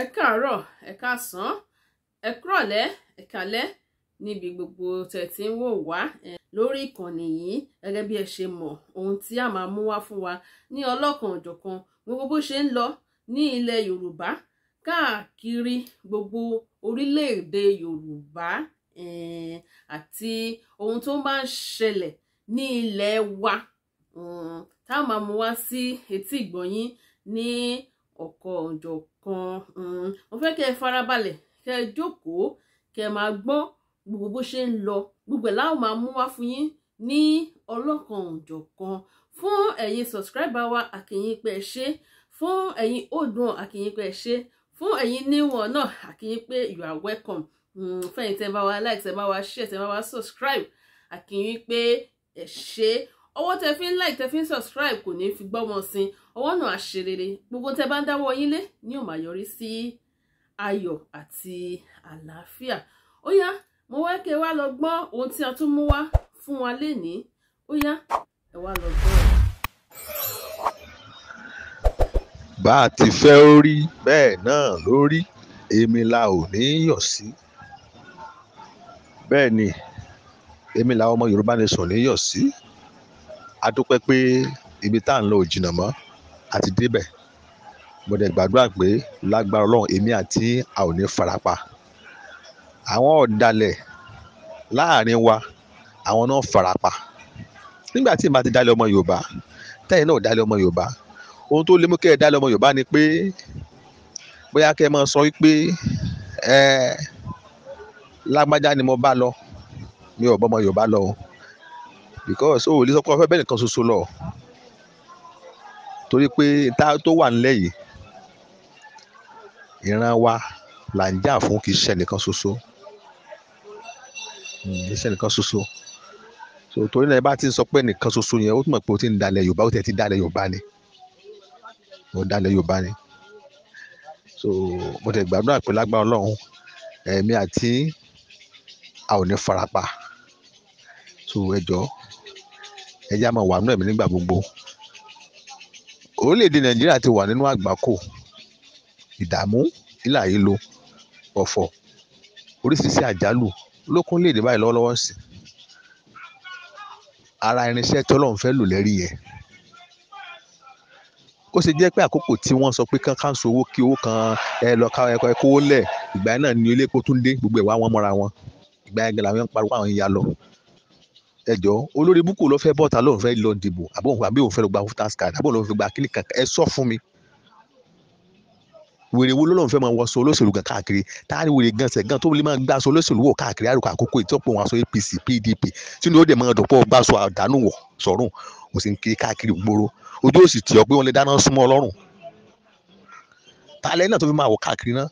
ẹ káàárọ̀ ẹ káàsán ẹ kúrọ̀lẹ́ ẹ kálẹ́ níbi gbogbo tẹ́ ń wò wá lórí ìkànnì yìí gẹ́gẹ́ bí ẹ ṣe mọ̀ ohun tí a máa mú wá fún wa ní ọlọ́kan òjọ̀kan gbogbo bó ṣe ń lọ ní ilẹ̀ Yorùbá káàkiri gbogbo orílẹ̀-èdè Yorùbá àti ohun tó máa ń ṣẹlẹ̀ ní ilẹ̀ wa tá a máa mú wá sí etí ìgbọ̀nyín ní ọ̀kan òjọ̀kan kan mm, mo fẹ́ kẹ́ ẹ farabalẹ̀ kẹ́ ẹ jókòó kẹ́ ẹ máa gbọ́ gbogbo bó ṣe ń lọ gbogbo ẹ̀ láwọn máa mú wá fún yín ní ọlọ́kan òjọ̀kan fún ẹ̀yin subscriber wa àkìyìn pé ẹ fún ẹ̀yin old àkìyìn pé ẹ fún ẹ̀yin new náà àkìyìn pé you are welcome mm, fẹ́yìn tẹ́ bá wa like tẹ́ bá wa share tẹ́ bá wa subscribe àkìyìn pé ẹ ṣé owó tẹ fi ń like tẹ fi ń subscribe kò ní fi gbọ́ wọn sin ọwọ́ náà àṣerere gbogbo tẹ bá ń dáwọ́ yín lé ní ó máa yọrí sí ayọ̀ àti àlàáfíà ó yá mo wá kẹ́ wá lọ gbọ́ ohun tí a tún mú wá fún wa lénìí ó yá ẹ wá lọ gbọ́ bá a ti fẹ́ ó rí bẹ́ẹ̀ náà ló rí èmi la ò ní yọ̀ sí bẹ́ẹ̀ ni èmi làwọn ọmọ Yorùbá Nation ní yọ̀ sí a dúpẹ́ pé ibi tá à ń lọ ò jìnnà mọ́ a ti débẹ̀ mo dẹ̀ gbàdúrà pé lágbára ọlọ́run èmi àti a ò ní farapa àwọn ọ̀dàlẹ̀ láàrin wa àwọn náà farapa nígbà tí ìmọ̀ àti dálẹ̀ ọmọ yorùbá tẹ́yìn náà dálẹ̀ ọmọ yorùbá ohun tó lè mú kẹ́ ẹ dálẹ̀ ọmọ yorùbá ni pé bóyá kẹ́ ẹ máa sọ pé ẹ lágbájá ni mo bá lọ mi ò bọ́ ọmọ yorùbá lọ o because o ò lè sọ pé o fẹ́ bẹ́ẹ̀ nìkan ṣoṣo lọ torí pé ta tó wà nílẹ̀ yìí ìran wa là ń jà fún kì í ṣe nìkan ṣoṣo hmm, kì í ṣe nìkan ṣoṣo so torí náà bá ti sọ pé nìkan ṣoṣo yẹn ó túmọ̀ pé o ti ń dalẹ̀ Yorùbá ó ti ti dalẹ̀ Yorùbá ni ó dalẹ̀ Yorùbá ni so mo tẹ̀ gbàdúrà pé lágbára Ọlọ́run ẹ̀mí àti a ò ní farapa so ẹ jọ̀ọ́ ẹja máa wà nínú ẹ̀mí nígbà gbogbo orílẹ̀-èdè nàìjíríà ti wà nínú àgbákò ìdààmú ìlàyélo ọ̀fọ̀ oríṣiríṣi àjálù ló kún léde báyìí lọ́wọ́lọ́wọ́ sí ara irinṣẹ́ tọ́lọ́run fẹ́ lò lẹ́rí yẹn ó ṣe jẹ́ pé àkókò tí wọ́n sọ pé kán káńsó owó kí owó kan ẹ lọ ká ẹ kówó lẹ̀ ìgbà náà ni ilé epo tún dé gbogbo ẹ̀ wá wọn mọ́ra wọn ìgbà yẹn gan làwọn ń pariwo àwọn ń lọ ẹjọ́ olórí búkú ló fẹ́ bọ́ta lóun fẹ́ lọ dìbò àbóhùn àbí òun fẹ́ lọ gba voters card àbóhùn lóun fẹ́ gba kíní kankan ẹ sọ fún mi wèrè wo lọ́lọ́run fẹ́ máa wọ aṣọ olóṣèlú gan káàkiri táàrí wèrè gan sẹ̀gán tó lè máa gbá aṣọ olóṣèlú wọ̀ káàkiri àrùkọ àkókò ìtọ́pọ̀ wọn aṣọ APC PDP sínú ó dẹ̀ máa dọ̀pọ̀ gbá aṣọ àdánù wọ̀ sọ̀rùn ó sì ń kiri káàkiri gbòòrò ojú òsì tì ọ́ pé wọ́n lè dáná súnmọ́ ọlọ́run tààlẹ́ náà tó fi máa wọ̀ káàkiri náà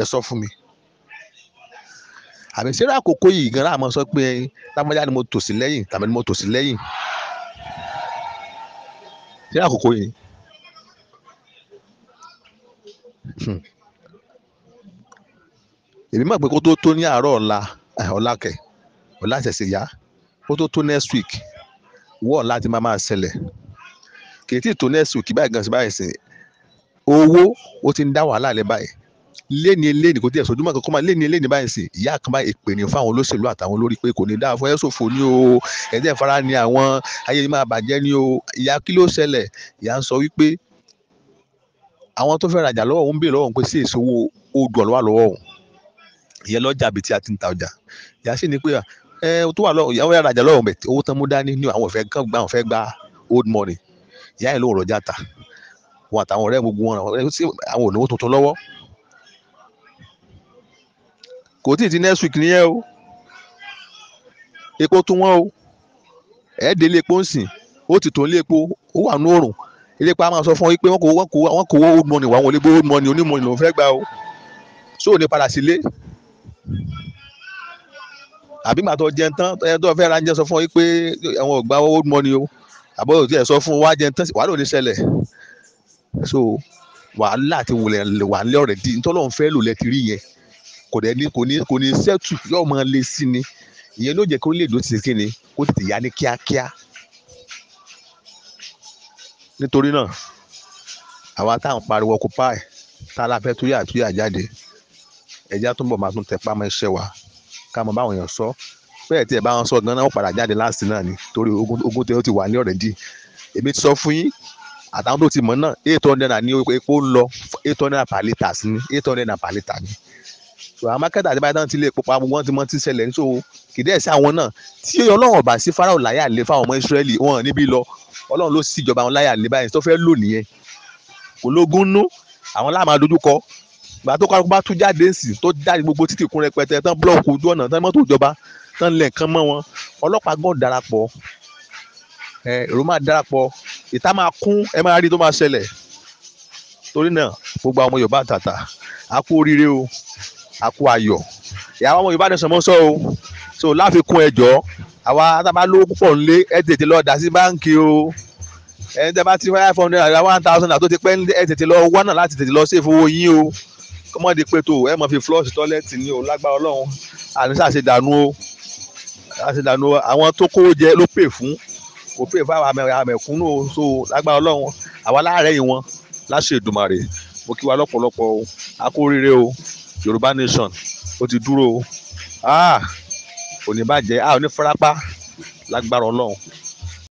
ẹ sọ fún mi àbí sẹ́rọ àkókò yìí gan láàmú sọ pé lámọ́já ni mo tò sí lẹ́yìn tàbí ni mo tò sí lẹ́yìn sẹ́rọ àkókò yìí. Hmm. èmi mọ̀ pé kó tó tó ní àárọ̀ ọ̀la eh, ọ̀la kẹ̀ ọ̀la ṣẹ̀ṣẹ̀ yá kó tó tó next week wọ́ọ̀ láti máa máa ṣẹlẹ̀ kì í tí tó next week báyìí gan sí báyìí sìn owó ó ti ń dá wàhálà lẹ́ báyìí léni léni kò tí ẹ̀ sọdúnmọ́ kankan máa léni léni báyìí sìn ìyá kan bá èpè ní fáwọn olóṣèlú àtàwọn olórí pé kò ní dáa fún ẹ ṣòfò ní o ẹ̀jẹ̀ fara ni àwọn ayé máa bàjẹ́ ní o ìyá kí ló ṣẹlẹ̀ ìyá ń sọ wípé àwọn tó fẹ́ rajà lọ́wọ́ òun béèrè lọ́wọ́ òun pé sí èso owó odò ọ̀lọ́wà lọ́wọ́ òun ìyẹn lọ́jà bíi tí a ti ń ta ọjà ìyá sì ní pé ẹ tó wà lọ́wọ́ ìyàwó rajà lọ́wọ́ òun bẹ̀ owó tán mú dání ní àwọn òfẹ́ gbà òun fẹ́ gba old money ìyá yẹn wọn àtàwọn ọ̀rẹ́ gbogbo wọn àwọn ònàwó tuntun lọ́wọ́ kò tí ì ti next week nìyẹn o epo tún wọ́n o ẹ̀ẹ́dẹ́lẹ̀ epo ń sìn ó ti tó ń lé epo ó wà ní òrùn ilépa máa sọ fún yín pé wọ́n kò wọ́n kò wọ́n kò wọ́n old money wà wọ́n lè gbé old money onímọ̀ọ́nì lòún fẹ́ gbà o so ò ní padà sílé àbí màá tọ́ jẹun tán ẹni tó fẹ́ ra jẹun sọ fún yín pé àwọn ò gba old money o àbọ̀ òtí ẹ̀ sọ fún wa jẹun tán wàá lò ní ṣẹlẹ̀ so wàhálà ti wùlẹ̀ wà ní ọ̀rẹ́dì nítorí òun fẹ́ lò lẹ́tìrí yẹn kò dẹ̀ ní kò ní kò ní sẹ́tù yóò máa le sí ni ìyẹn ló jẹ́ kí orílẹ̀-èdè ó ti ṣe kí ni kó tètè yá ní kíákíá nítorí náà àwa tá à ń pariwo occupy tá a la fẹ́ túyà túyà jáde ẹ̀já tó ń bọ̀ máa tún tẹpá mọ́ iṣẹ́ wa ká mọ báwọn èèyàn sọ bẹ́ẹ̀ tí ẹ̀ bá wọn sọ gan-an ó padà jáde láti náà ni torí ogun tẹ́ ó ti wà ní ọ̀rẹ́dì èmi ti sọ fún yín àtàwọn tó ti mọ̀ náà eight hundred naira ní epo ń lọ eight hundred naira per litre sí ni eight hundred naira per litre ni supermarket àti báyìí náà ti lè pupa gbogbo wọn ti mọ ti ṣẹlẹ̀ níṣó kì í dẹ̀ sí àwọn náà tí ọlọ́run ọba sí farao láyà lé fáwọn ọmọ Ísírẹ́lì wọn níbí lọ ọlọ́run ló sì ìjọba wọn láyà lé báyìí tó fẹ́ lò nìyẹn kò lógún nú àwọn láàmú adójúkọ gbà tó kọ́ bá tú jáde sí tó jáde gbogbo títì kún rẹpẹtẹ tán blọọkù ojú ọ̀nà tán mọ́tò ìjọba tán lẹ̀ kán mọ́ wọn ọlọ́pàá gbọ́n darapọ̀ èrò máa darapọ̀ ìta máa kún ẹ máa rí tó máa ṣẹlẹ̀ torí náà gbogbo àwọn Yorùbá àtàtà á kú oríire o àkó ayọ̀ ìyàwó àwọn yorùbá nation mọ́ sọ o so láfikún ẹjọ́ àwa tábà lówó púpọ̀ nílé ẹ tètè lọ dà sí báǹkì o ẹni tẹ́ bá ti five hundred naira one thousand naira tó ti pẹ́ ẹ tètè lọ wọ́nà láti tètè lọ sí ìfowó yín o kọ́mọ́dé pé tó ẹ mọ̀ fi flush tọ́lẹ́tì ni o lágbára ọlọ́run àní sàṣedànù o sàṣedànù àwọn tó kówó jẹ ló pè fún kò pè fún àwọn àmẹ̀kúnnù o so lágbára ọlọ́run àwa láàárẹ̀ yìí wọn láṣẹ Èdùmàrè mo kí wa lọ́pọ̀lọpọ̀ o a kú oríire o yorùbá nation ó ti dúró o kò ah, ní bàjẹ́ a ò ní farapa lágbára ọlọ́run